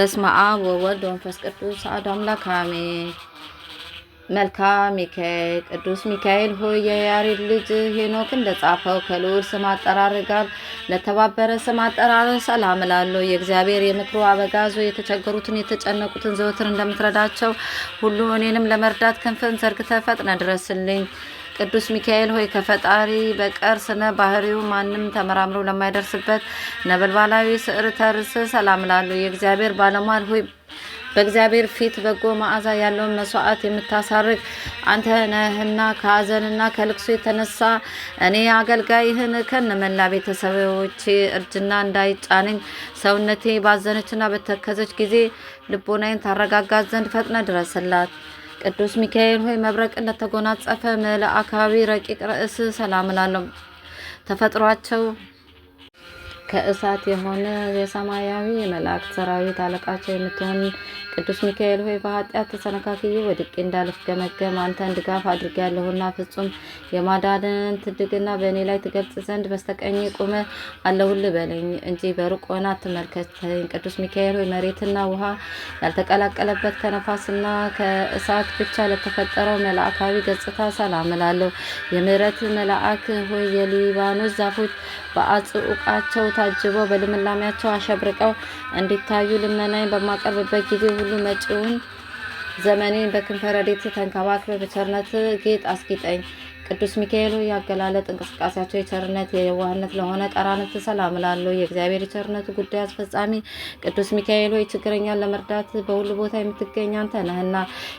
በስመ አብ ወወልድ ወመንፈስ ቅዱስ አሐዱ አምላክ አሜን። መልክዓ ሚካኤል ቅዱስ ሚካኤል ሆይ የያሬድ ልጅ ሄኖክ እንደጻፈው ከልዑል ስም አጠራር ጋር ለተባበረ ስም አጠራር ሰላም እላለሁ። የእግዚአብሔር የምክሩ አበጋዞ የተቸገሩትን የተጨነቁትን ዘወትር እንደምትረዳቸው ሁሉ እኔንም ለመርዳት ክንፍን ዘርግተህ ፈጥነህ ድረስልኝ። ቅዱስ ሚካኤል ሆይ ከፈጣሪ በቀር ስነ ባህሪው ማንም ተመራምሮ ለማይደርስበት ነበልባላዊ ስዕር ተርስ ሰላም ላሉ የእግዚአብሔር ባለሟል ሆይ በእግዚአብሔር ፊት በጎ መዓዛ ያለውን መስዋዕት የምታሳርግ አንተ ነህና ከሀዘንና ከልቅሶ የተነሳ እኔ አገልጋይህን ከነመላ ቤተሰቦቼ እርጅና እንዳይጫነኝ ሰውነቴ ባዘነችና በተከዘች ጊዜ ልቦናዬን ታረጋጋት ዘንድ ፈጥነ ድረስላት። ቅዱስ ሚካኤል ሆይ መብረቅን ለተጎናጸፈ መልአካዊ ረቂቅ ርዕስ ሰላም እላለሁ። ተፈጥሯቸው ከእሳት የሆነ የሰማያዊ መላእክት ሰራዊት አለቃቸው የምትሆን ቅዱስ ሚካኤል ሆይ በኃጢአት ተሰነካክዬ ወድቄ እንዳልፍ ገመገም አንተን ድጋፍ ያለሁና ፍጹም የማዳንን ትድግና በእኔ ላይ ትገልጽ ዘንድ በስተቀኝ ቁመ አለሁል በለኝ እንጂ በሩቅ ሆና አትመልከተኝ። ቅዱስ ሚካኤል ሆይ መሬትና ውሃ ያልተቀላቀለበት ከነፋስና ከእሳት ብቻ ለተፈጠረው መልአካዊ ገጽታ ሰላም እላለሁ። የምህረት መልአክ ሆይ የሊባኖስ ዛፎች በአጽዑቃቸው ታጅበው በልምላሜያቸው አሸብርቀው እንዲታዩ ልመናዬን በማቀርብበት ጊዜ ሁሉ መጪውን ዘመኔን በክንፈ ረድኤትህ ተንከባክበህ ጌጥ አስጊጠኝ። ቅዱስ ሚካኤል ያገላለጥ እንቅስቃሴያቸው የቸርነት የዋህነት ለሆነ ቀራነት ሰላም እላለሁ። የእግዚአብሔር የቸርነቱ ጉዳይ አስፈጻሚ ቅዱስ ሚካኤል ሆይ ችግረኛን ለመርዳት በሁሉ ቦታ የምትገኝ አንተ ነህና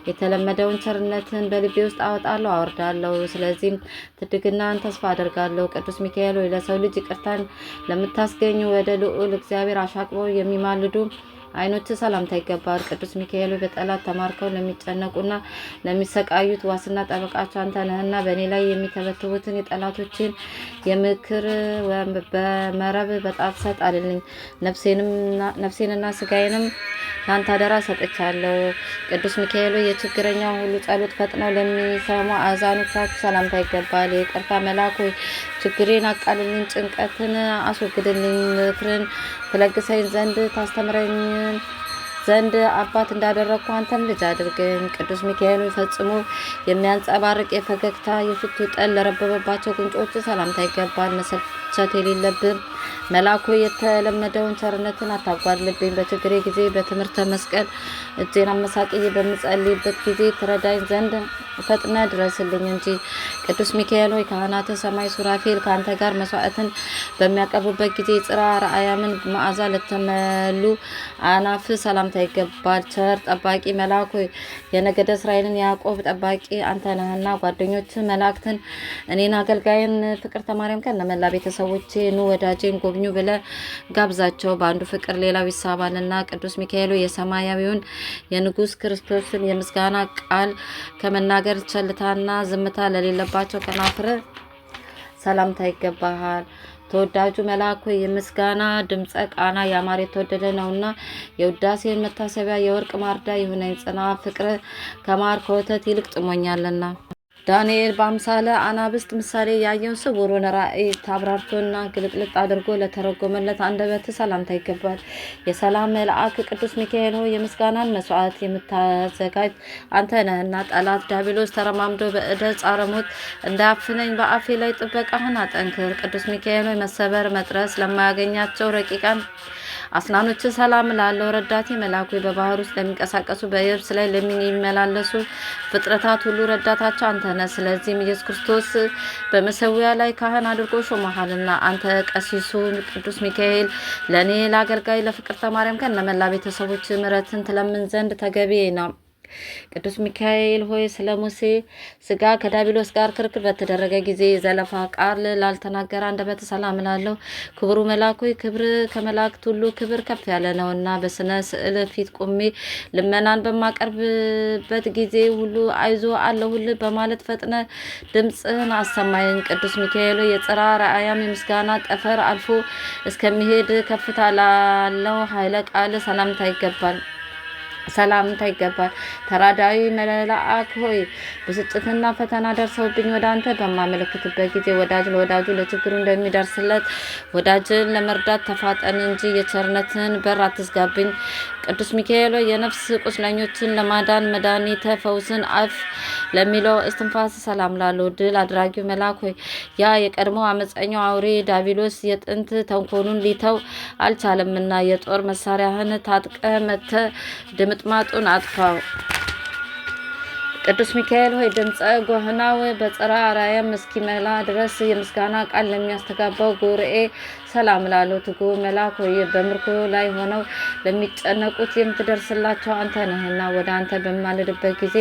የተለመደውን ቸርነትን በልቤ ውስጥ አወጣለሁ አወርዳለሁ። ስለዚህም ትድግናን ተስፋ አደርጋለሁ። ቅዱስ ሚካኤል ሆይ ለሰው ልጅ ይቅርታን ለምታስገኝ ወደ ልዑል እግዚአብሔር አሻቅበው የሚማልዱ አይኖች ሰላምታ ይገባል። ቅዱስ ሚካኤል በጠላት ተማርከው ለሚጨነቁና ለሚሰቃዩት ዋስና ጠበቃቸው አንተ ነህና በእኔ ላይ የሚተበትቡትን የጠላቶችን የምክር በመረብ በጣት አልልኝ። ነፍሴንና ስጋዬንም ለአንተ አደራ ሰጥቻለሁ። ቅዱስ ሚካኤል የችግረኛ ሁሉ ጸሎት ፈጥነው ለሚሰሙ አዛኖቻችሁ ሰላምታ ይገባል። የቅርታ መልአክ ሆይ ችግሬን አቃልልኝ፣ ጭንቀትን አስወግድልኝ፣ ምክርን ትለግሰኝ ዘንድ ታስተምረኝ ዘንድ አባት እንዳደረግኩ አንተም ልጅ አድርገኝ። ቅዱስ ሚካኤል ፈጽሞ የሚያንጸባርቅ የፈገግታ የሽቱ ጠል ለረበበባቸው ጉንጮች ሰላምታ ይገባል። መሰልቸት የሌለብን መላኩ የተለመደውን ቸርነትን አታጓድልብኝ። በችግሬ ጊዜ በትምህርተ መስቀል እጄን አመሳቅዬ በምጸልይበት ጊዜ ትረዳኝ ዘንድ ፈጥነ ድረስልኝ እንጂ። ቅዱስ ሚካኤል ሆይ ካህናተ ሰማይ ሱራፌል ከአንተ ጋር መስዋዕትን በሚያቀርቡበት ጊዜ ጽራ ረአያምን መዓዛ ለተመሉ አናፍ ሰላምታ ይገባል። ቸር ጠባቂ መላኩ የነገደ እስራኤልን ያዕቆብ ጠባቂ አንተ ነህና ጓደኞች መላእክትን እኔን አገልጋይን ፍቅር ማርያም ቀን ለመላ ቤተሰቦቼ ኑ ወዳጄ ኢየሩሳሌም ጎብኙ ብለ ጋብዛቸው። በአንዱ ፍቅር ሌላው ይሳባልና ቅዱስ ሚካኤሉ የሰማያዊውን የንጉሥ ክርስቶስን የምስጋና ቃል ከመናገር ቸልታና ዝምታ ለሌለባቸው ከናፍረ ሰላምታ ይገባሃል። ተወዳጁ መልአኩ የምስጋና ድምፀ ቃና ያማረ የተወደደ ነውና የውዳሴን መታሰቢያ የወርቅ ማርዳ የሆነ ጽና ፍቅር ከማር ከወተት ይልቅ ጥሞኛልና ዳንኤል በአምሳለ አናብስት ምሳሌ ያየውን ስውሩን ራእይ አብራርቶና ግልጥልጥ አድርጎ ለተረጎመለት አንደበት ሰላምታ ይገባል። የሰላም መልአክ ቅዱስ ሚካኤል ሆይ የምስጋናን መስዋዕት የምታዘጋጅ አንተ ነህና ጠላት ዳቢሎስ ተረማምዶ በእደ ጻረ ሞት እንዳያፍነኝ በአፌ ላይ ጥበቃህን አጠንክር። ቅዱስ ሚካኤል ሆይ መሰበር መጥረስ ለማያገኛቸው ረቂቃን አስናኖች ሰላም ላለው ረዳቴ መላኩ በባህር ውስጥ ለሚንቀሳቀሱ በየብስ ላይ ለሚመላለሱ ፍጥረታት ሁሉ ረዳታቸው አንተ ነህ። ስለዚህም ኢየሱስ ክርስቶስ በመሰዊያ ላይ ካህን አድርጎ ሾመሃልና አንተ ቀሲሱ ቅዱስ ሚካኤል ለእኔ ለአገልጋይ ለፍቅርተ ማርያም ከነመላ ቤተሰቦች ምረትን ትለምን ዘንድ ተገቢ ነው። ቅዱስ ሚካኤል ሆይ ስለ ሙሴ ስጋ ከዳቢሎስ ጋር ክርክር በተደረገ ጊዜ ዘለፋ ቃል ላልተናገረ አንደበት ሰላም እላለሁ። ክቡሩ መልአክ ሆይ ክብር ከመላእክት ሁሉ ክብር ከፍ ያለ ነውና በስነ ስዕል ፊት ቆሜ ልመናን በማቀርብበት ጊዜ ሁሉ አይዞ አለሁል በማለት ፈጥነ ድምፅህን አሰማይን። ቅዱስ ሚካኤል የጽራ ረአያም የምስጋና ጠፈር አልፎ እስከሚሄድ ከፍታ ላለው ኃይለ ቃል ሰላምታ ይገባል። ሰላምታ ይገባል። ተራዳዊ መልአክ ሆይ ብስጭትና ፈተና ደርሰውብኝ ወደ አንተ በማመለክትበት ጊዜ ወዳጅ ለወዳጁ ለችግሩ እንደሚደርስለት ወዳጅን ለመርዳት ተፋጠን እንጂ የቸርነትን በር አትዝጋብኝ። ቅዱስ ሚካኤል የነፍስ ቁስለኞችን ለማዳን መድኃኒተ ፈውስን አፍ ለሚለው እስትንፋስ ሰላም ላለው ድል አድራጊው መልአክ ሆይ ያ የቀድሞ አመፀኛው አውሬ ዳቢሎስ የጥንት ተንኮኑን ሊተው አልቻለምና የጦር መሳሪያህን ታጥቀ መተ ምጥማጡን አጥፋው። ቅዱስ ሚካኤል ሆይ ድምፀ ጎህናው በጸራ አራየም እስኪመላ ድረስ የምስጋና ቃል ለሚያስተጋባው ጉርኤ ሰላም ላሉ ትጉ መላክ ሆይ በምርኮ ላይ ሆነው ለሚጨነቁት የምትደርስላቸው አንተ ነህና ወደ አንተ በማልድበት ጊዜ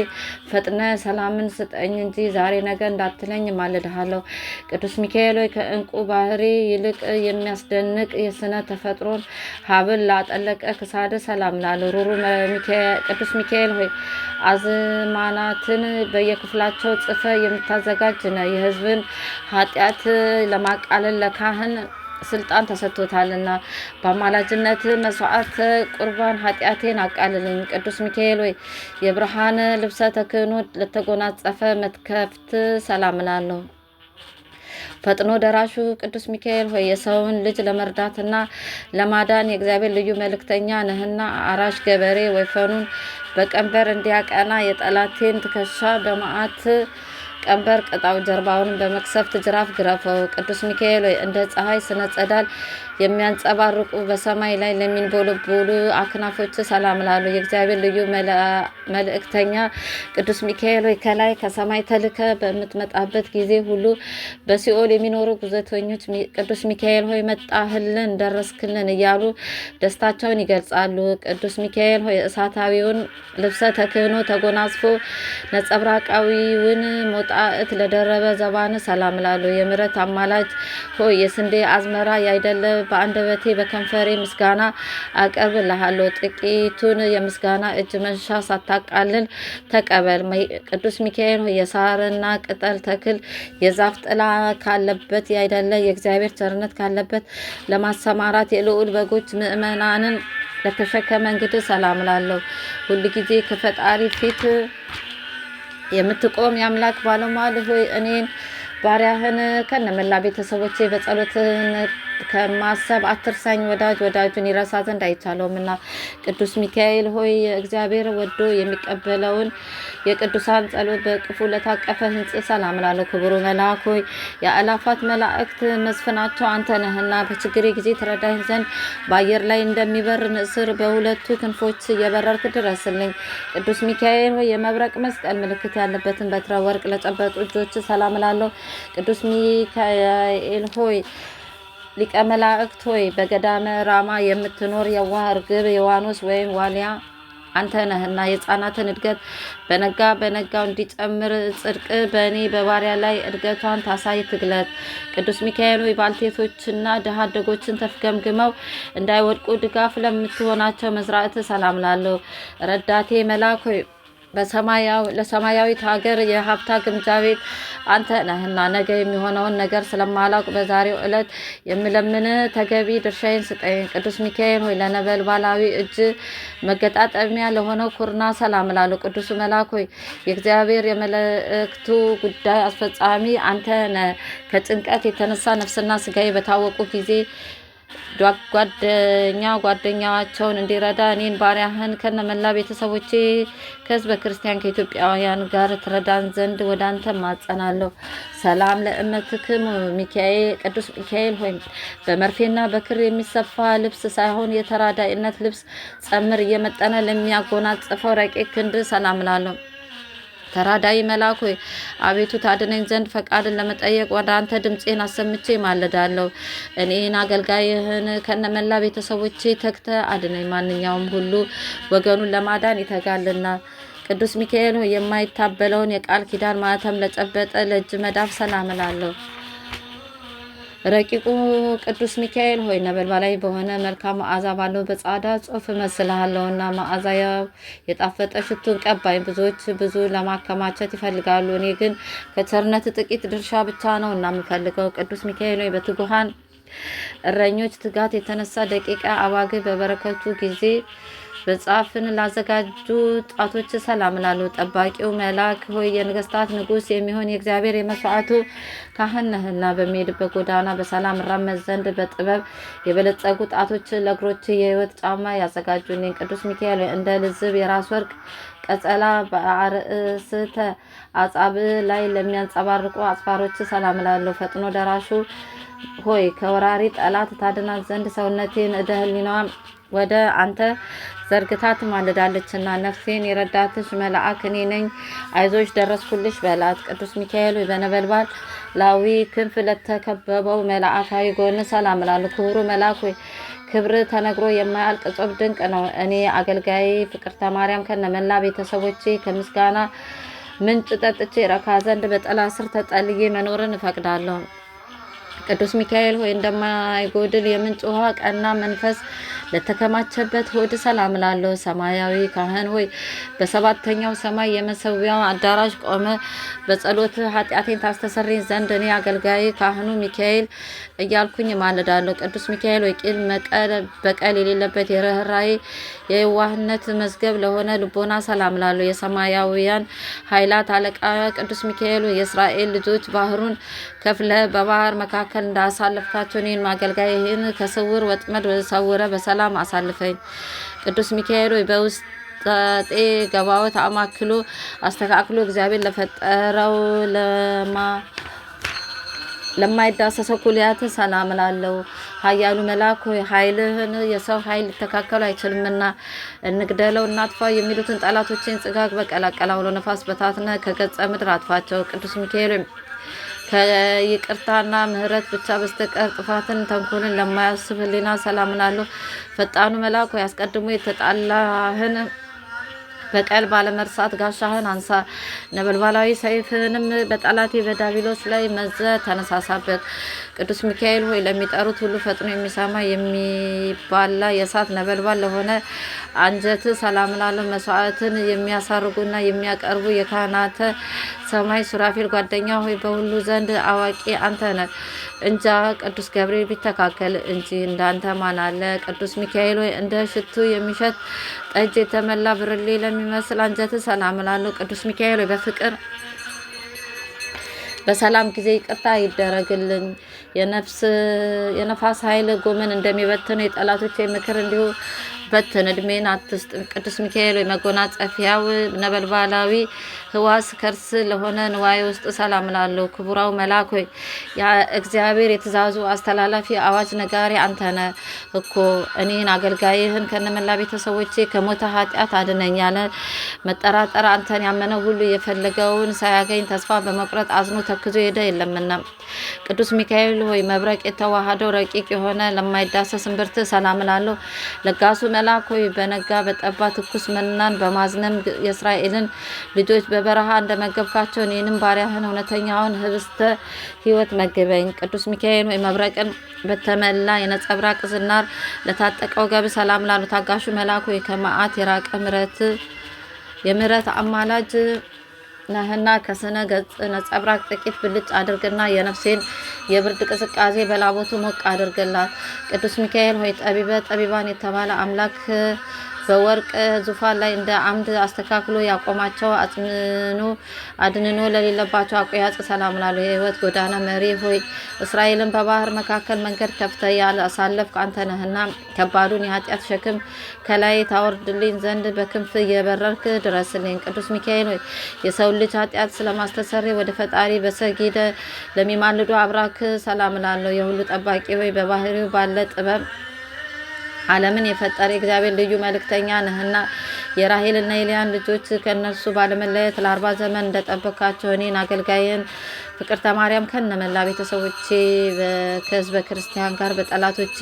ፈጥነ ሰላምን ስጠኝ እንጂ ዛሬ ነገ እንዳትለኝ ማልድሃለሁ። ቅዱስ ሚካኤል ሆይ ከእንቁ ባህሪ ይልቅ የሚያስደንቅ የስነ ተፈጥሮን ሀብል ላጠለቀ ክሳደ ሰላም ላሉ ሩሩ ቅዱስ ሚካኤል ሆይ አዝማናትን በየክፍላቸው ጽፈ የምታዘጋጅ ነ የህዝብን ኃጢአት ለማቃለል ለካህን ስልጣን ተሰጥቶታልና በአማላጅነት መስዋዕት ቁርባን ኃጢአቴን አቃልልኝ። ቅዱስ ሚካኤል ወይ የብርሃን ልብሰ ተክህኖ ለተጎናጸፈ መትከፍት ሰላም እላለሁ። ፈጥኖ ደራሹ ቅዱስ ሚካኤል ሆይ የሰውን ልጅ ለመርዳትና ለማዳን የእግዚአብሔር ልዩ መልእክተኛ ነህና አራሽ ገበሬ ወይፈኑን በቀንበር እንዲያቀና የጠላቴን ትከሻ በመዓት ቀንበር ቅጣው፣ ጀርባውን በመክሰፍት ጅራፍ ግረፈው። ቅዱስ ሚካኤል ሆይ እንደ ፀሐይ ስነ ጸዳል የሚያንጸባርቁ በሰማይ ላይ ለሚንቦለቦሉ አክናፎች ሰላም ላሉ የእግዚአብሔር ልዩ መልእክተኛ ቅዱስ ሚካኤል ሆይ ከላይ ከሰማይ ተልከ በምትመጣበት ጊዜ ሁሉ በሲኦል የሚኖሩ ጉዘተኞች ቅዱስ ሚካኤል ሆይ መጣህልን፣ ደረስክልን እያሉ ደስታቸውን ይገልጻሉ። ቅዱስ ሚካኤል ሆይ እሳታዊውን ልብሰ ተክህኖ ተጎናጽፎ ነጸብራቃዊውን ጣዕት ለደረበ ዘባን ሰላም ላሉ የምረት አማላጅ ሆይ የስንዴ አዝመራ ያይደለ በአንደበቴ በከንፈሬ ምስጋና አቀርብ ልሃለሁ። ጥቂቱን የምስጋና እጅ መንሻ ሳታቃልል ተቀበል። ቅዱስ ሚካኤል ሆይ የሳርና ቅጠል ተክል የዛፍ ጥላ ካለበት ያይደለ የእግዚአብሔር ቸርነት ካለበት ለማሰማራት የልዑል በጎች ምእመናንን ለተሸከመ እንግዲህ ሰላም ላለሁ ሁልጊዜ ከፈጣሪ ፊት የምትቆም የአምላክ ባለሟል ሆይ እኔን ባሪያህን ከነመላ ቤተሰቦቼ በጸሎት ከማሰብ አትርሳኝ ወዳጅ ወዳጁን ይረሳ ዘንድ እና ቅዱስ ሚካኤል ሆይ እግዚአብሔር ወዶ የሚቀበለውን የቅዱሳን ጸሎት በቅፉ ለታቀፈ ህንጽ ሰላም ላለው ክቡሩ መልአክ ሆይ የአላፋት መላእክት መስፍናቸው አንተ ነህና በችግሬ ጊዜ ተረዳህ ዘንድ በአየር ላይ እንደሚበር ንስር በሁለቱ ክንፎች እየበረርኩ ድረስልኝ። ቅዱስ ሚካኤል ሆይ የመብረቅ መስቀል ምልክት ያለበትን በትረ ወርቅ ለጨበጡ እጆች ሰላም ላለው ቅዱስ ሚካኤል ሆይ ሊቀ መላእክት ሆይ በገዳመ ራማ የምትኖር የዋህ እርግብ የዋኖስ ወይም ዋሊያ አንተ ነህና የህፃናትን እድገት በነጋ በነጋው እንዲጨምር ጽድቅ በእኔ በባሪያ ላይ እድገቷን ታሳይ ትግለት። ቅዱስ ሚካኤል ሆይ ባልቴቶችና ድሃ አደጎችን ተፍገምግመው እንዳይወድቁ ድጋፍ ለምትሆናቸው መዝራዕት ሰላም ላለሁ ረዳቴ መላክ ሆይ ለሰማያዊት ሀገር የሀብታ ግምጃ ቤት አንተ ነህና ነገ የሚሆነውን ነገር ስለማላውቅ በዛሬው ዕለት የምለምን ተገቢ ድርሻዬን ስጠኝ። ቅዱስ ሚካኤል ሆይ ለነበልባላዊ እጅ መገጣጠሚያ ለሆነው ኩርና ሰላም ላሉ ቅዱስ መልአክ ሆይ የእግዚአብሔር የመልእክቱ ጉዳይ አስፈጻሚ አንተ ነህ። ከጭንቀት የተነሳ ነፍስና ስጋዬ በታወቁ ጊዜ ጓደኛ ጓደኛቸውን እንዲረዳ እኔን ባሪያህን ከነመላ ቤተሰቦቼ ከህዝበ ክርስቲያን ከኢትዮጵያውያን ጋር ትረዳን ዘንድ ወደ አንተ ማጸናለሁ። ሰላም ለእመትክም ሚካኤል ቅዱስ ሚካኤል ሆይ በመርፌና በክር የሚሰፋ ልብስ ሳይሆን የተራዳይነት ልብስ ጸምር እየመጠነ ለሚያጎናጽፈው ረቂቅ ክንድ ሰላም ላለሁ። ተራዳይ መልአክ ሆይ አቤቱ ታድነኝ ዘንድ ፈቃድን ለመጠየቅ ወደ አንተ ድምፄን አሰምቼ ማለዳለሁ። እኔን አገልጋይህን ከነመላ ቤተሰቦቼ ተግተ አድነኝ። ማንኛውም ሁሉ ወገኑን ለማዳን ይተጋልና ቅዱስ ሚካኤል ሆይ የማይታበለውን የቃል ኪዳን ማህተም ለጨበጠ ለእጅ መዳፍ ሰላም እላለሁ። ረቂቁ ቅዱስ ሚካኤል ሆይ ነበልባላዊ በሆነ መልካም መዓዛ ባለው በጻዳ ጽሑፍ እመስልሃለሁና መዓዛ የጣፈጠ ሽቱን ቀባኝ ብዙዎች ብዙ ለማከማቸት ይፈልጋሉ፣ እኔ ግን ከቸርነት ጥቂት ድርሻ ብቻ ነው እና የምፈልገው። ቅዱስ ሚካኤል ሆይ በትጉሃን እረኞች ትጋት የተነሳ ደቂቃ አባግ በበረከቱ ጊዜ በጻፍን ላዘጋጁ ጣቶች ሰላም ላሉ ጠባቂው መልአክ ሆይ የነገስታት ንጉስ የሚሆን የእግዚአብሔር የመስዋዕቱ ካህን ነህና በሚሄድበት ጎዳና በሰላም ራመድ ዘንድ በጥበብ የበለጸጉ ጣቶች ለእግሮች የህይወት ጫማ ያዘጋጁ እኔን ቅዱስ ሚካኤል እንደ ልዝብ የራስ ወርቅ ቀጸላ በአርእስተ አጻብ ላይ ለሚያንጸባርቁ አጽፋሮች ሰላም ላለሁ ፈጥኖ ደራሹ ሆይ ከወራሪ ጠላት ታድናት ዘንድ ሰውነቴን እደ ወደ አንተ ዘርግታ ትማልዳለችና ነፍሴን የረዳትሽ መልአክ እኔ ነኝ፣ አይዞሽ ደረስኩልሽ በላት። ቅዱስ ሚካኤል በነበልባል ላዊ ክንፍ ለተከበበው መልአካዊ ጎን ሰላም ላሉ ክቡሩ መልአክ ክብር ተነግሮ የማያልቅ እጹብ ድንቅ ነው። እኔ አገልጋይ ፍቅርተ ማርያም ከነመላ ቤተሰቦቼ ከምስጋና ምንጭ ጠጥቼ ረካ ዘንድ በጥላ ስር ተጠልዬ መኖርን እፈቅዳለሁ። ቅዱስ ሚካኤል ሆይ እንደማይጎድል የምንጭ ውሃ ቀና መንፈስ ለተከማቸበት ሆድ ሰላም ላለው ሰማያዊ ካህን ሆይ በሰባተኛው ሰማይ የመሰዊያው አዳራሽ ቆመ በጸሎት ኃጢአቴን ታስተሰሪኝ ዘንድ እኔ አገልጋይ ካህኑ ሚካኤል እያልኩኝ ማለዳለሁ። ቅዱስ ሚካኤል ወይ ቂል በቀል የሌለበት የርኅራኄ የዋህነት መዝገብ ለሆነ ልቦና ሰላም ላለሁ የሰማያውያን ኃይላት አለቃ ቅዱስ ሚካኤሉ የእስራኤል ልጆች ባህሩን ከፍለ በባህር መካከል እንዳሳለፍካቸው እኔን ማገልጋይህን ከስውር ወጥመድ ሰውረ በሰላም በሰላም አሳልፈኝ። ቅዱስ ሚካኤል ሆይ በውስጥ ጣጤ አማክሎ አስተካክሎ እግዚአብሔር ለፈጠረው ለማ ለማይዳሰሰው ኩልያት ሰላም ላለው ኃያሉ መልአክ ሆይ ኃይልህን የሰው ኃይል ሊተካከሉ አይችልምና እንግደለው እናጥፋ የሚሉትን ጠላቶችን ጽጋግ በቀላቀላ ብሎ ነፋስ በታትነ ከገጸ ምድር አጥፋቸው። ቅዱስ ሚካኤል ከይቅርታና ምሕረት ብቻ በስተቀር ጥፋትን፣ ተንኮልን ለማያስብ ሕሊና ሰላምን አለው። ፈጣኑ መልአክ ሆይ አስቀድሞ የተጣላህን በቀል ባለመርሳት ጋሻህን አንሳ፣ ነበልባላዊ ሰይፍህንም በጠላቴ በዳቢሎስ ላይ መዘ ተነሳሳበት። ቅዱስ ሚካኤል ሆይ ለሚጠሩት ሁሉ ፈጥኖ የሚሰማ የሚባላ የእሳት ነበልባል ለሆነ አንጀት ሰላም አለ መስዋዕትን የሚያሳርጉና የሚያቀርቡ የካህናተ ሰማይ ሱራፌል ጓደኛ ሆይ በሁሉ ዘንድ አዋቂ አንተ ነህ። እንጃ ቅዱስ ገብርኤል ቢተካከል እንጂ እንዳንተ ማን አለ? ቅዱስ ሚካኤል ሆይ እንደ ሽቱ የሚሸት ጠጅ የተመላ ብርሌ ለሚመስል አንጀት ሰላም እላለሁ። ቅዱስ ሚካኤል ሆይ በፍቅር በሰላም ጊዜ ይቅርታ ይደረግልኝ። የነፍስ የነፋስ ኃይል ጎመን እንደሚበትኑ የጠላቶች ምክር እንዲሁ በትን እድሜን አትስጥ። ቅዱስ ሚካኤል ወይ መጎናጸፊያው ነበልባላዊ ህዋስ ከርስ ለሆነ ንዋይ ውስጥ ሰላም ላለሁ ክቡራው መልአክ ሆይ እግዚአብሔር የትእዛዙ አስተላላፊ አዋጅ ነጋሪ አንተ ነህ እኮ እኔን አገልጋይህን ከነመላ ቤተሰቦቼ ከሞተ ኃጢአት አድነኝ ያለ መጠራጠር አንተን ያመነ ሁሉ የፈለገውን ሳያገኝ ተስፋ በመቁረጥ አዝኖ ተክዞ ሄደ የለምና ቅዱስ ሚካኤል ሆይ መብረቅ የተዋሃደው ረቂቅ የሆነ ለማይዳሰስ እምብርት ሰላም ላለሁ ለጋሱ መልአክ በነጋ በጠባ ትኩስ መናን በማዝነም የእስራኤልን ልጆች በበረሃ እንደመገብካቸው እኔንም ባሪያህን እውነተኛውን ህብስተ ህይወት መግበኝ። ቅዱስ ሚካኤል ሆይ መብረቅን በተመላ የነጸብራቅ ዝናር ለታጠቀው ገብ ሰላም ላሉ ታጋሹ መልአክ ሆይ ከመዓት የራቀ ምረት የምረት አማላጅ ነህና ከስነ ገጽ ነጸብራቅ ጥቂት ብልጭ አድርግና የነፍሴን የብርድ ቅዝቃዜ በላቦቱ ሞቅ አድርግላት። ቅዱስ ሚካኤል ሆይ ጠቢበ ጠቢባን የተባለ አምላክ በወርቅ ዙፋን ላይ እንደ አምድ አስተካክሎ ያቆማቸው አጽንኖ አድንኖ ለሌለባቸው አቆያጽ ሰላም እላለሁ። የህይወት ጎዳና መሪ ሆይ እስራኤልን በባህር መካከል መንገድ ከፍተህ ያሳለፍክ አንተ ነህና ከባዱን የኃጢአት ሸክም ከላይ ታወርድልኝ ዘንድ በክንፍ እየበረርክ ድረስልኝ። ቅዱስ ሚካኤል ሆይ የሰው ልጅ ኃጢአት ስለማስተሰሪ ወደ ፈጣሪ በሰጊደ ለሚማልዱ አብራክ ሰላም እላለሁ። የሁሉ ጠባቂ ሆይ በባህሪው ባለ ጥበብ ዓለምን የፈጠረ እግዚአብሔር ልዩ መልእክተኛ ነህና የራሄልና የልያን ልጆች ከእነርሱ ባለመለየት ለአርባ ዘመን እንደጠበካቸው እኔን አገልጋይን ፍቅርተ ማርያም ከነመላ ቤተሰቦቼ ከህዝበ ክርስቲያን ጋር በጠላቶቼ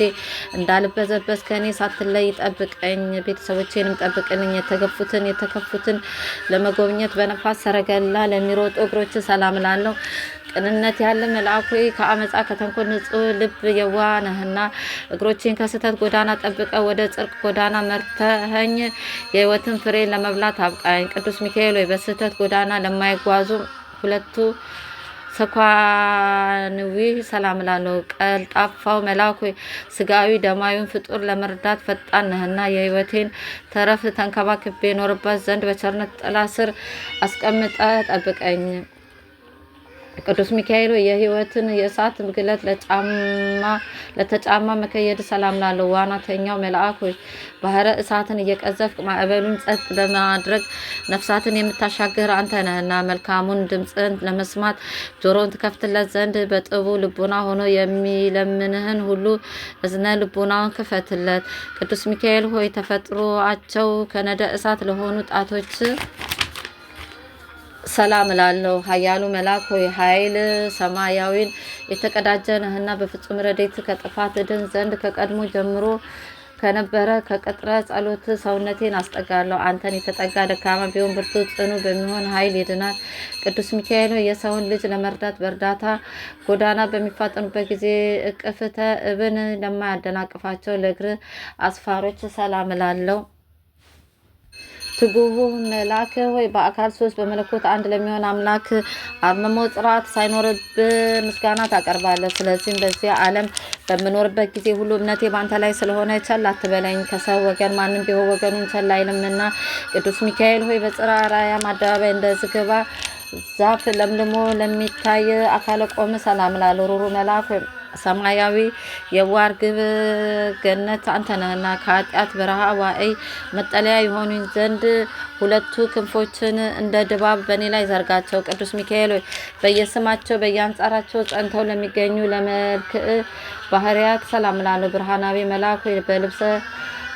እንዳልበዘበዝ ከእኔ ሳትለይ ጠብቀኝ፣ ቤተሰቦቼንም ጠብቅልኝ። የተገፉትን የተከፉትን ለመጎብኘት በነፋስ ሰረገላ ለሚሮጡ እግሮች ሰላም ላለው ቅንነት ያለ መልአኩ ከአመፃ ከተንኮል ንጹህ ልብ የዋ ነህና እግሮችን ከስህተት ጎዳና ጠብቀ ወደ ጽርቅ ጎዳና መርተኸኝ የሕይወትን ፍሬ ለመብላት አብቃኝ። ቅዱስ ሚካኤል ሆይ በስህተት ጎዳና ለማይጓዙ ሁለቱ ተኳንዊ ሰላም ላለው ቀልጣፋው መልአክ ስጋዊ ደማዊን ፍጡር ለመርዳት ፈጣን ነህና የሕይወቴን ተረፍ ተንከባክቤ ኖርበት ዘንድ በቸርነት ጥላ ስር አስቀምጠ ጠብቀኝ። ቅዱስ ሚካኤል የህይወትን የእሳት ግለት ለተጫማ መከየድ ሰላም ላለው ዋናተኛው መልአኮች ባህረ እሳትን እየቀዘፍክ ማዕበሉን ጸጥ በማድረግ ነፍሳትን የምታሻግር አንተ ነህና መልካሙን ድምፅን ለመስማት ጆሮን ትከፍትለት ዘንድ በጥቡ ልቡና ሆኖ የሚለምንህን ሁሉ እዝነ ልቡናውን ክፈትለት። ቅዱስ ሚካኤል ሆይ ተፈጥሮአቸው ከነደ እሳት ለሆኑ ጣቶች ሰላም እላለሁ። ኃያሉ መልአክ ሆይ ኃይል ሰማያዊን የተቀዳጀ ነህና በፍጹም ረዴት ከጥፋት እድን ዘንድ ከቀድሞ ጀምሮ ከነበረ ከቅጥረ ጸሎት ሰውነቴን አስጠጋለሁ። አንተን የተጠጋ ደካማ ቢሆን ብርቱ ጽኑ በሚሆን ኃይል ይድናል። ቅዱስ ሚካኤል የሰውን ልጅ ለመርዳት በእርዳታ ጎዳና በሚፋጠኑበት ጊዜ እቅፍተ እብን ለማያደናቅፋቸው ለእግር አስፋሮች ሰላም እላለሁ። ትጉህ መላክ ሆይ በአካል ሶስት በመለኮት አንድ ለሚሆን አምላክ አመሞ ጽራት ሳይኖርብ ምስጋና ታቀርባለህ። ስለዚህም በዚህ ዓለም በምኖርበት ጊዜ ሁሉ እምነቴ በአንተ ላይ ስለሆነ ቸል አትበለኝ። ከሰው ወገን ማንም ቢሆን ወገኑን ቸል አይልምና ቅዱስ ሚካኤል ሆይ በጽርሐ አርያም አደባባይ እንደ ዝግባ ዛፍ ለምልሞ ለሚታይ አካለ ቆም ሰላም ላለ ሩሩ መልአክ ሰማያዊ የዋር ግብ ገነት አንተነና ከኃጢአት በረሃ ዋዕይ መጠለያ የሆኑኝ ዘንድ ሁለቱ ክንፎችን እንደ ድባብ በእኔ ላይ ዘርጋቸው። ቅዱስ ሚካኤል ሆይ በየስማቸው በየአንጻራቸው ጸንተው ለሚገኙ ለመልክ ባህርያት ሰላም ላሉ። ብርሃናዊ መልአኩ በልብሰ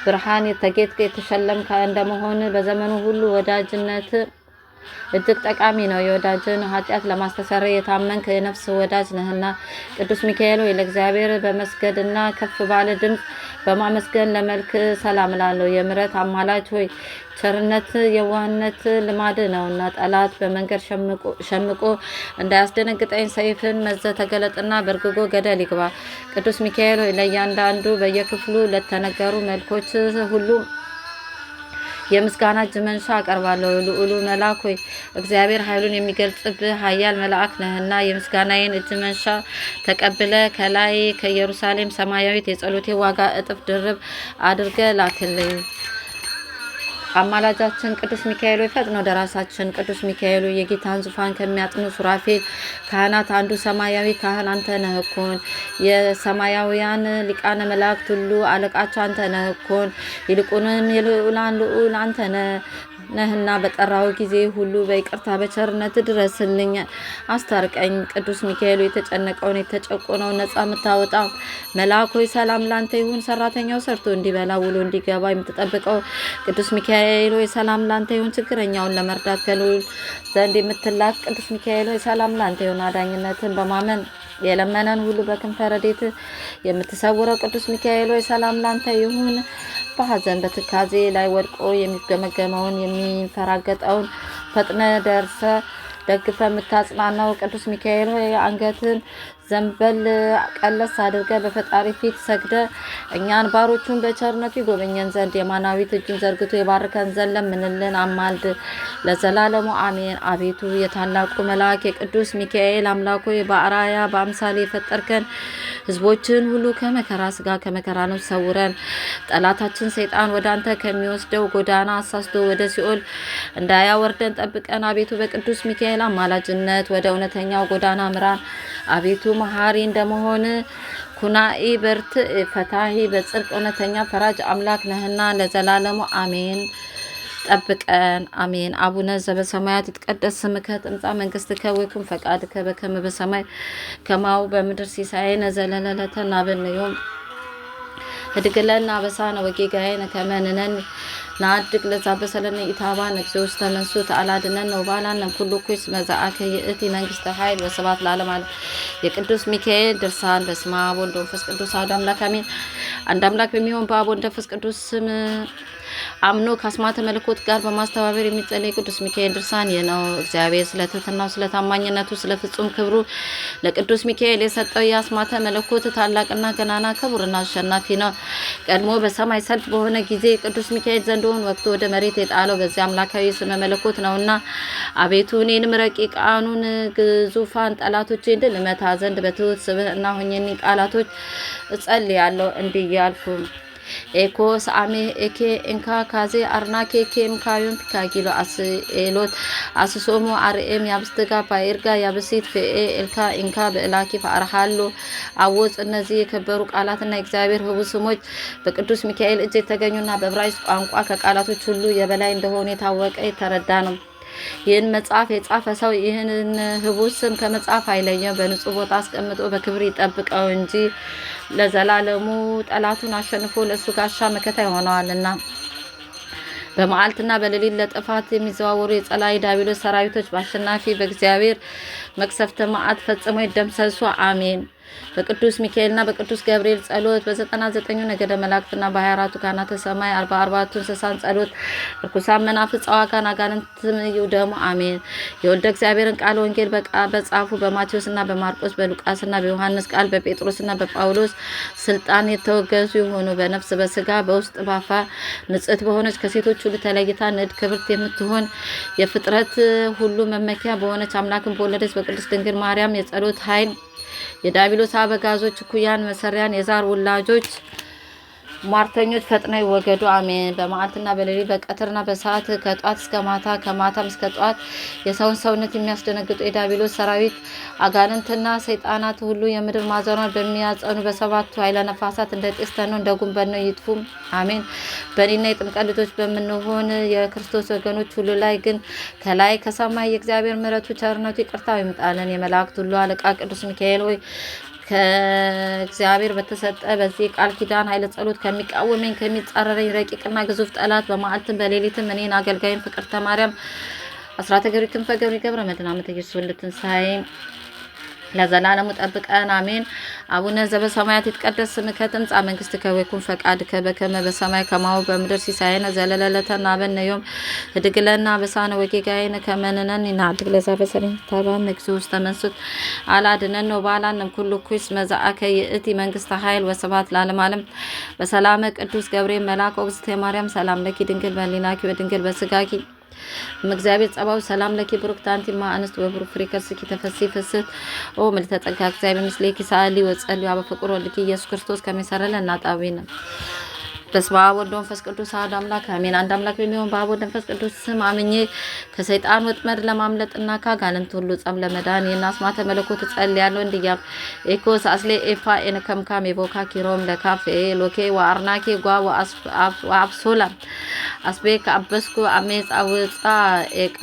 ብርሃን የተጌጥ የተሸለምከ እንደመሆን በዘመኑ ሁሉ ወዳጅነት እጅግ ጠቃሚ ነው። የወዳጅን ኃጢአት ለማስተሰር የታመንክ የነፍስ ወዳጅ ነህና ቅዱስ ሚካኤል ሆይ ለእግዚአብሔር በመስገድና ከፍ ባለ ድምፅ በማመስገን ለመልክ ሰላም ላለው። የምረት አማላጅ ሆይ ቸርነት የዋህነት ልማድ ነውና ጠላት በመንገድ ሸምቆ እንዳያስደነግጠኝ ሰይፍን መዘ ተገለጥና በርግጎ ገደል ይግባ። ቅዱስ ሚካኤል ሆይ ለእያንዳንዱ በየክፍሉ ለተነገሩ መልኮች ሁሉ የምስጋና እጅ መንሻ አቀርባለሁ። ልዑሉ መልአክ ሆይ እግዚአብሔር ኃይሉን የሚገልጽብህ ኃያል መልአክ ነህና የምስጋናዬን እጅ መንሻ ተቀብለ ከላይ ከኢየሩሳሌም ሰማያዊት የጸሎቴ ዋጋ እጥፍ ድርብ አድርገ ላክልኝ። አማላጃችን ቅዱስ ሚካኤል ሆይ ፈጥኖ ደራሳችን ቅዱስ ሚካኤል የጌታን ዙፋን ከሚያጥኑ ሱራፌል ካህናት አንዱ ሰማያዊ ካህን አንተ ነህኩን። የሰማያውያን ሊቃነ መላእክት ሁሉ አለቃቸው አንተ ነህኩን። ይልቁንም የልዑላን ልዑል አንተ ነህ። ነህና በጠራው ጊዜ ሁሉ በይቅርታ በቸርነት ድረስልኝ፣ አስታርቀኝ። ቅዱስ ሚካኤሉ የተጨነቀውን የተጨቆነውን ነጻ የምታወጣው መልአክ ሆይ ሰላም ላንተ ይሁን። ሰራተኛው ሰርቶ እንዲበላ ውሎ እንዲገባ የምትጠብቀው ቅዱስ ሚካኤሎ የሰላም ሰላም ላንተ ይሁን። ችግረኛውን ለመርዳት ከልዑል ዘንድ የምትላክ ቅዱስ ሚካኤል ሰላም ላንተ ይሁን። አዳኝነትን በማመን የለመነን ሁሉ በክንፈ ረድኤት የምትሰውረው ቅዱስ ሚካኤል ሆይ ሰላም ላንተ ይሁን። በሐዘን በትካዜ ላይ ወድቆ የሚገመገመውን የሚንፈራገጠውን ፈጥነ ደርሰ ደግፈ የምታጽናናው ቅዱስ ሚካኤል ሆይ አንገትን ዘንበል ቀለስ አድርገ በፈጣሪ ፊት ሰግደ እኛን ባሮቹን በቸርነቱ ይጎበኘን ዘንድ የማናዊት እጁን ዘርግቶ የባርከን ዘንድ ለምንልን አማልድ ለዘላለሙ አሜን። አቤቱ የታላቁ መልአክ የቅዱስ ሚካኤል አምላኮ በአራያ በአምሳሌ የፈጠርከን ህዝቦችን ሁሉ ከመከራ ስጋ ከመከራ ነው ሰውረን። ጠላታችን ሰይጣን ወደ አንተ ከሚወስደው ጎዳና አሳስቶ ወደ ሲኦል እንዳያወርደን ጠብቀን። አቤቱ በቅዱስ ሚካኤል አማላጅነት ወደ እውነተኛው ጎዳና ምራን። አቤቱ መሐሪ እንደመሆን ኩናኢ በርትዕ ፈታሂ በጽድቅ እውነተኛ ፈራጅ አምላክ ነህና ለዘላለሙ አሜን። ጠብቀን አሜን። አቡነ ዘበሰማያት ይትቀደስ ስምከ ትምጻእ መንግሥትከ ወይኩን ፈቃድከ በከመ በሰማይ ከማሁ በምድር ሲሳየነ ዘለለዕለትነ ሀበነ ዮም ህድግ ለነ አበሳነ ወጌጋየነ ከመ ንሕነኒ ንአድግ ለዛበሰለኒ ኢታባን እግዚኦ ዝተነሱ ተኣላድነን ወባላን ኩሉ ኩስ መዛኣከ ይእቲ መንግስተ ኃይል ወስብሐት ለዓለመ ዓለም። የቅዱስ ሚካኤል ድርሳን። በስመ አብ ወወልድ ወመንፈስ ቅዱስ አሐዱ አምላክ አሜን። አንድ አምላክ በሚሆን በአብ ወወልድ ወመንፈስ ቅዱስ ስም አምኖ ከአስማተ መለኮት ጋር በማስተባበር የሚጸለይ ቅዱስ ሚካኤል ድርሳን ይህ ነው። እግዚአብሔር ስለ ትህትናው፣ ስለ ታማኝነቱ፣ ስለ ፍጹም ክብሩ ለቅዱስ ሚካኤል የሰጠው የአስማተ መለኮት ታላቅና ገናና ክቡርና አሸናፊ ነው። ቀድሞ በሰማይ ሰልፍ በሆነ ጊዜ ቅዱስ ሚካኤል ዘንዶውን ወቅቶ ወደ መሬት የጣለው በዚያ አምላካዊ ስመ መለኮት ነውና አቤቱ እኔንም ረቂቃኑን ግዙፋን ጠላቶች እንድል እመታ ዘንድ በትሑት ስብዕና ሆኜ ቃላቶች እጸልያለሁ እንዲህ እያልኩ ኤኮስ አሜ ኤኬ እንካ ካዜ አርናኬ ኬም ካዩን ፒካጊሎ አስኤሎት አስሶሞ አርኤም ያብስትጋ ፓኤርጋ ያብሲት ፍኤ ኤልካ ኢንካ ብዕላኪ ፈአርሃሎ አወፅ እነዚህ የከበሩ ቃላትና የእግዚአብሔር ህቡ ስሞች በቅዱስ ሚካኤል እጅ የተገኙና በብራይስ ቋንቋ ከቃላቶች ሁሉ የበላይ እንደሆነ የታወቀ የተረዳ ነው። ይህን መጽሐፍ የጻፈ ሰው ይህንን ህቡዕ ስም ከመጽሐፍ አይለየው፣ በንጹህ ቦታ አስቀምጦ በክብር ይጠብቀው እንጂ ለዘላለሙ ጠላቱን አሸንፎ ለእሱ ጋሻ መከታ ይሆነዋልና። በመዓልትና በሌሊት ለጥፋት የሚዘዋወሩ የጸላይ ዲያብሎስ ሰራዊቶች በአሸናፊ በእግዚአብሔር መቅሰፍተ መዓት ፈጽሞ ይደምሰሱ። አሜን። በቅዱስ ሚካኤልና በቅዱስ ገብርኤል ጸሎት በዘጠና ዘጠኙ ነገደ መላእክትና በሀያ አራቱ ካህናተ ሰማይ በአርባቱ እንስሳን ጸሎት እርኩሳን መናፍስት ጸዋጋን አጋንንትም ይውደሙ። አሜን። የወልደ እግዚአብሔርን ቃል ወንጌል በጻፉ በማቴዎስና በማርቆስ በሉቃስና በዮሐንስ ቃል በጴጥሮስና በጳውሎስ ስልጣን የተወገዙ የሆኑ በነፍስ በስጋ በውስጥ ባፋ ንጽሕት በሆነች ከሴቶች ሁሉ ተለይታ ንድ ክብርት የምትሆን የፍጥረት ሁሉ መመኪያ በሆነች አምላክን በወለደች በቅድስት ድንግል ማርያም የጸሎት ኃይል የዳቢሎስ አበጋዞች እኩያን መሰሪያን የዛር ውላጆች ሟርተኞች ፈጥነው ይወገዱ፣ አሜን። በመዓልትና በሌሊት በቀትርና በሰዓት ከጧት እስከ ማታ ከማታም እስከ ጧት የሰውን ሰውነት የሚያስደነግጡ የዳቢሎስ ሰራዊት አጋንንትና ሰይጣናት ሁሉ የምድር ማዕዘኗን በሚያጸኑ በሰባቱ ኃይለ ነፋሳት እንደ ጤስ ተነው እንደ ጉንበን ነው ይጥፉም፣ አሜን። በእኔና የጥምቀት ልጆች በምንሆን የክርስቶስ ወገኖች ሁሉ ላይ ግን ከላይ ከሰማይ የእግዚአብሔር ምሕረቱ ቸርነቱ ይቅርታው ይምጣለን። የመላእክት ሁሉ አለቃ ቅዱስ ሚካኤል ሆይ ከእግዚአብሔር በተሰጠ በዚህ ቃል ኪዳን ኃይለ ጸሎት ከሚቃወመኝ ከሚጻረረኝ ረቂቅና ግዙፍ ጠላት በመዓልትም በሌሊትም እኔን አገልጋይን ፍቅርተ ማርያም አስራተ ገብሪ ክንፈ ገብሪ ገብረ መድህን ኢየሱስ ወልደ ትንሣኤ ለዘላለሙ ጠብቀን አሜን። አቡነ ዘበሰማያት ይትቀደስ ስምከ ትምጻእ መንግስትከ ወይኩን ፈቃድከ በከመ በሰማይ ከማሁ በምድር ሲሳየነ ዘለለዕለትነ ሀበነ ዮም ህድግ ለነ አበሳነ ወጌጋየነ ከመ ንሕነኒ ንኅድግ ለዛብእ ሰበሰሪን ተባን ንግሥ ውስተ መንሱት አላድነን ነው ባላንም ኩስ መዛአከ ይእቲ መንግስተ ኃይል ወስብሐት ለዓለመ ዓለም። በሰላመ ቅዱስ ገብርኤል መልአክ ኦግዝእተ ማርያም ሰላም ለኪ ድንግል በኅሊናኪ ወድንግል በስጋኪ እምእግዚአብሔር ጸባዊ ሰላም ለኪ ብሩክ ታንቲ ማ አንስት ወብሩክ ፍሬ ከርስኪ ተፈሲ ፍስት ኦ ምልዕተ ጸጋ እግዚአብሔር ምስሌኪ ሰአሊ ወጸልዩ አበ ፍቁር ወልድኪ ኢየሱስ ክርስቶስ ከመ ይሠረይ በስመ አብ ወወልድ ወመንፈስ ቅዱስ አሐዱ አምላክ አሜን። አንድ አምላክ በሚሆን በአብ ወልድ መንፈስ ቅዱስ ስም አምኜ ከሰይጣን ወጥመድ ለማምለጥና ከአጋንንት ሁሉ ጸም ለመዳን የና አስማተ መለኮት እጸልያለሁ። እንድያም ኤኮስ አስሌ ኤፋ ኤንከምካም የቦካ ኪሮም ለካፌ ሎኬ ወአርናኬ ጓ ወአብሶላ አስቤ ከአበስኩ አሜ ጻውፃ ኤቃ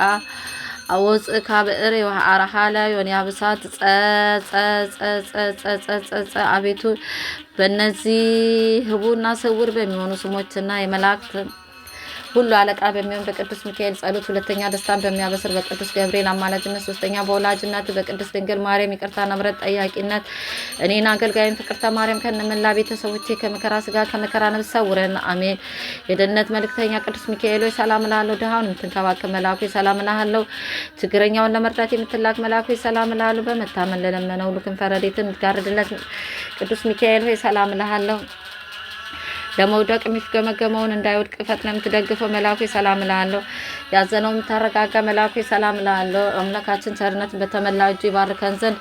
አወፅእ ካብ ብዕር አራሃላ ዮንያብሳት ጸጸጸጸጸጸጸ አቤቱ በእነዚህ ህቡና ስውር በሚሆኑ ስሞችና የመላእክት ሁሉ አለቃ በሚሆን በቅዱስ ሚካኤል ጸሎት፣ ሁለተኛ ደስታን በሚያበስር በቅዱስ ገብርኤል አማላጅነት፣ ሶስተኛ በወላጅነት በቅድስት ድንግል ማርያም ይቅርታና ምሕረት ጠያቂነት እኔን አገልጋይን ፍቅርተ ማርያም ከነመላ ቤተሰቦቼ ከመከራ ስጋ ከመከራ ነፍስ ሰውረን፣ አሜን። የደህንነት መልእክተኛ ቅዱስ ሚካኤል ሆይ ሰላም እልሃለሁ። ድሃውን የምትንከባከብ መልአክ ሰላም እልሃለሁ። ችግረኛውን ለመርዳት የምትላክ መልአክ ሰላም እልሃለሁ። በመታመን ለለመነው ሁሉ ክንፈ ረድኤትን ቅዱስ ሚካኤል ሆይ ሰላም እልሃለሁ። ለመውደቅ የሚፍገመገመውን እንዳይወድቅ ፈጥነ የምትደግፈው መላኩ ሰላም እላለሁ። ያዘነው የምታረጋጋ መላኩ ሰላም እላለሁ። አምላካችን ቸርነት በተመላ እጁ ይባርከን ዘንድ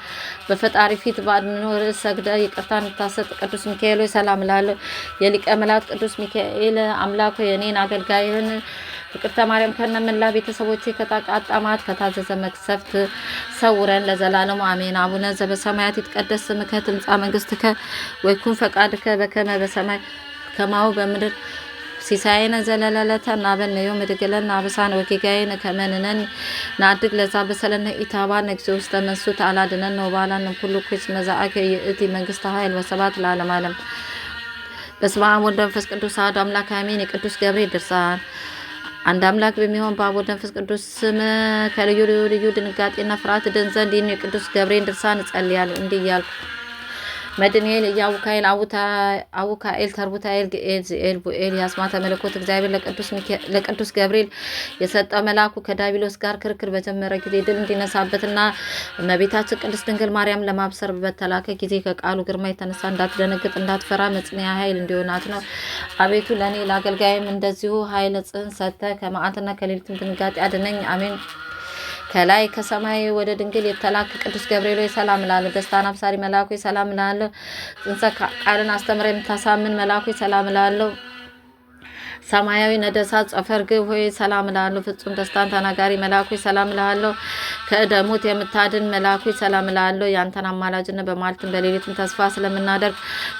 በፈጣሪ ፊት ባድኖ ርዕስ ሰግደ ይቅርታ እንታሰጥ ቅዱስ ሚካኤል ሰላም እላለሁ። የሊቀ መላእክት ቅዱስ ሚካኤል አምላኩ የኔን አገልጋይን ፍቅርተ ማርያም ከነመላ ቤተሰቦቼ ከጣቃጣማት ከታዘዘ መቅሰፍት ሰውረን ለዘላለሙ አሜን። አቡነ ዘበሰማያት ይትቀደስ ስምከ ትምጻእ መንግስትከ ወይኩን ፈቃድከ በከመ በሰማይ ከማሁ በምድር ሲሳይነ ዘለለለተ ናበነዮ ምድግለን ናብሳን ወጌጋዬን ከመንነን ናድግ ለዛ በሰለነ ኢታባ እግዚኦ ውስተ መንሱት አላድነን ነው ባላን ኩሉ ኩስ መዛአከ የእቲ መንግስት ኃይል ወሰባት ለዓለም ዓለም በስመ አብ ወወልድ ወመንፈስ ቅዱስ አሐዱ አምላክ አሜን። የቅዱስ ገብርኤል ድርሳን አንድ አምላክ በሚሆን በአብ ወልድ መንፈስ ቅዱስ ስም ከልዩ ልዩ ድንጋጤና ፍርሃት ድን ዘንድ ይህን የቅዱስ ገብርኤል ድርሳን እጸልያለሁ እንዲህ እያልኩ መድንኤል እያቡካኤል አቡካኤል ተርቡታኤል ግኤል ዝኤል ቡኤል የአስማተ መለኮት እግዚአብሔር ለቅዱስ ገብርኤል የሰጠው መልአኩ ከዳቢሎስ ጋር ክርክር በጀመረ ጊዜ ድል እንዲነሳበትና እመቤታችን ቅድስት ድንግል ማርያም ለማብሰር በተላከ ጊዜ ከቃሉ ግርማ የተነሳ እንዳትደነግጥ እንዳትፈራ መጽንያ ኃይል እንዲሆናት ነው። አቤቱ ለእኔ ለአገልጋይም እንደዚሁ ኃይለ ጽህን ሰጥተ ከመዓትና ከሌሊትም ድንጋጤ አድነኝ። አሜን። ከላይ ከሰማይ ወደ ድንግል የተላከ ቅዱስ ገብርኤል ሰላም እላለሁ። ደስታን አብሳሪ መልአኩ ሰላም እላለሁ። ጽንሰ ቃልን አስተምረ የምታሳምን መልአኩ ሰላም እላለሁ። ሰማያዊ ነደሳት ጸፈርግብ ሆይ ሰላም እልሃለሁ። ፍጹም ደስታን ተናጋሪ መልአኩ ሰላም እልሃለሁ። ከእደሙት የምታድን መልአኩ ሰላም እልሃለሁ። ያንተን አማላጅነት በማለትም በሌሊትም ተስፋ ስለምናደርግ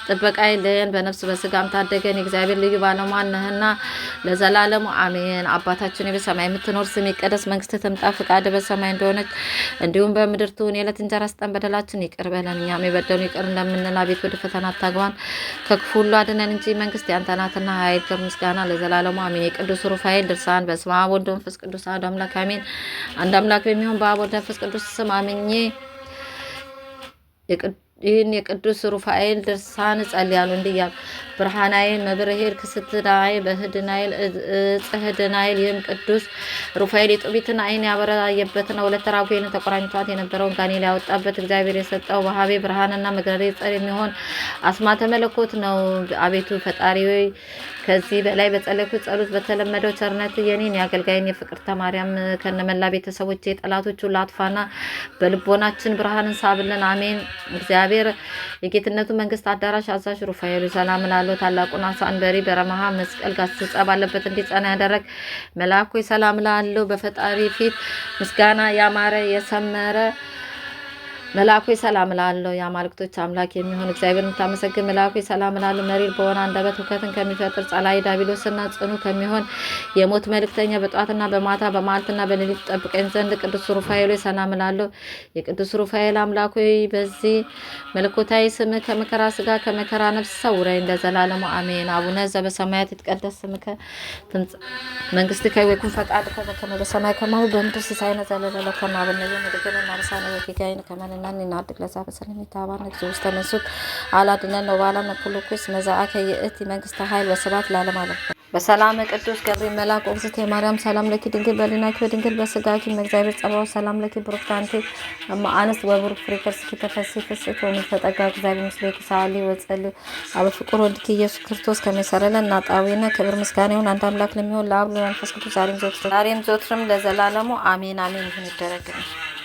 ጥበቃይ ለየን፣ በነፍስ በስጋም ታደገን። የእግዚአብሔር ልዩ ባለሟል ነህና ለዘላለሙ አሜን። አባታችን በሰማይ የምትኖር ስም ይቀደስ፣ መንግስት ትምጣ፣ ፍቃድ በሰማይ እንደሆነች እንዲሁም በምድር ትሁን። የዕለት እንጀራ ስጠን፣ በደላችን ይቅር በለን እኛም የበደሉ ይቅር እንደምንል፣ አቤት ወደ ፈተና አታግባን፣ ከክፉ ሁሉ አድነን እንጂ መንግስት ያንተ ናትና ኃይል ምስጋና ለዘላለሙ አሜን። የቅዱስ ሩፋኤል ድርሳን። በስመ አብ ወወልድ ወመንፈስ ቅዱስ አሐዱ አምላክ አሜን። አንድ አምላክ በሚሆን በአብ ወልድ መንፈስ ቅዱስ ስም አምኜ ይህን የቅዱስ ሩፋኤል ድርሳን ጸልያሉ እንዲያል ብርሃናይን መብርሄል ክስትናይ በህድናይል ጽህድናይል ይህም ቅዱስ ሩፋኤል የጡቢትን አይን ነው። ሁለት ራጉን ተቆራኝቷት የነበረውን ጋኔል ያወጣበት እግዚአብሔር የሰጠው ባህቤ ብርሃንና መግረሪ ጸር የሚሆን አስማተ መለኮት ነው። አቤቱ ፈጣሪ ከዚህ በላይ በጸለኩ ጸሎት በተለመደው ቸርነት የኔን የአገልጋይን የፍቅርተ ማርያም ከነመላ ቤተሰቦች የጠላቶቹ ላጥፋና በልቦናችን ብርሃንን ሳብልን። አሜን እግዚአብሔር እግዚአብሔር የጌትነቱ መንግስት አዳራሽ አዛዥ ሩፋኤሉ ሰላም ላለው ታላቁን አንሳን በሪ በረመሃ መስቀል ጋስጻ ባለበት እንዲጸና ያደረግ መልአኩ ሰላም ላለው በፈጣሪ ፊት ምስጋና ያማረ የሰመረ መልአኩ ሰላም እላለሁ። የአማልክቶች አምላክ የሚሆን እግዚአብሔር የምታመሰግን መልአኩ ሰላም እላለሁ። መሪር በሆነ አንደበት ሁከትን ከሚፈጥር ጸላኢ ዲያብሎስና ጽኑ ከሚሆን የሞት መልእክተኛ በጠዋትና በማታ በመዓልትና በሌሊት ጠብቀኝ ዘንድ ቅዱስ ሩፋኤል ሰላም እላለሁ። የቅዱስ ሩፋኤል አምላኩ በዚህ መልኮታዊ ስም ከመከራ ስጋ ከመከራ ነፍስ ሰውረኝ እንደ ዘላለሙ አሜን። አቡነ ዘበሰማያት ይትቀደስ ስምከ መንግሥትከ ወይኩን ፈቃድከ በከመ በሰማይ ከማሁ በምድር ሲሳየነ ዘለለዕለትነ ሀበነ ዘወትር ሐናንና አድግለዛ በሰላም ይታባን እግዚኦ ተነሱት አላድነ ነው ባላ መኩልኩስ መዛአከ የእቲ መንግስተ ኃይል ወስባት ለዓለም አለ በሰላም ቅዱስ ገብርኤል መልአክ ወግዝት የማርያም ሰላም ለኪ ድንግል በሊና በሊናኪ በድንግል በስጋኪ መግዚአብሔር ጸባው ሰላም ለኪ ብሩክታንቲ ማአነስ እማ አንስት ወብሩክ ፍሬ ከርስኪ ተፈሲ ፍስት ወምልተጠጋ እግዚአብሔር ምስሌኪ ሰዓሊ ወጸል አብ ፍቁር ወልድኪ ኢየሱስ ክርስቶስ ከመሰረለን ናጣዊነ ክብር ምስጋና ይሁን አንድ አምላክ ለሚሆን ለአብ ለመንፈስ ቅዱስ ዛሬም ዘወትርም ለዘላለሙ አሜን አሜን ይሁን ይደረግልን።